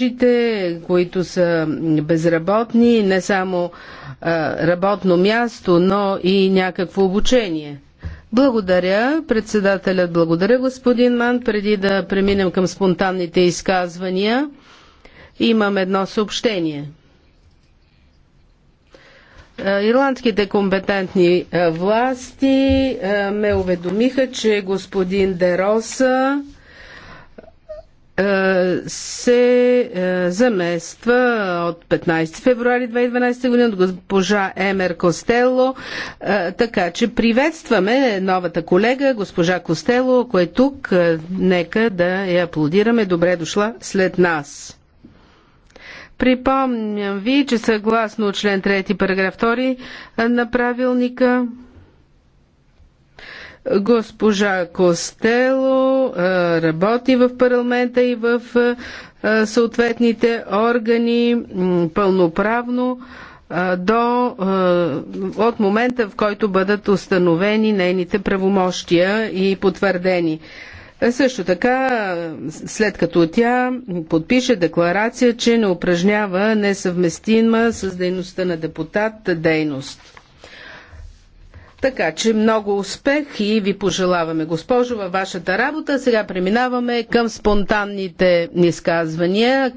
Жите, които са безработни, не само а, работно място, но и някакво обучение. Благодаря, председателят, благодаря господин Ман. Преди да преминем към спонтанните изказвания, имам едно съобщение. Ирландските компетентни власти ме уведомиха, че господин Дероса се е, замества от 15 февруари 2012 година от госпожа Емер Костело. Е, така че приветстваме новата колега, госпожа Костело, ако е тук, е, нека да я аплодираме. Добре дошла след нас. Припомням ви, че съгласно член 3, параграф 2 на правилника, госпожа Костело работи в парламента и в съответните органи пълноправно до, от момента, в който бъдат установени нейните правомощия и потвърдени. Също така, след като тя подпише декларация, че не упражнява несъвместима с дейността на депутат дейност. Така че много успех и ви пожелаваме, госпожо, във вашата работа. Сега преминаваме към спонтанните изказвания.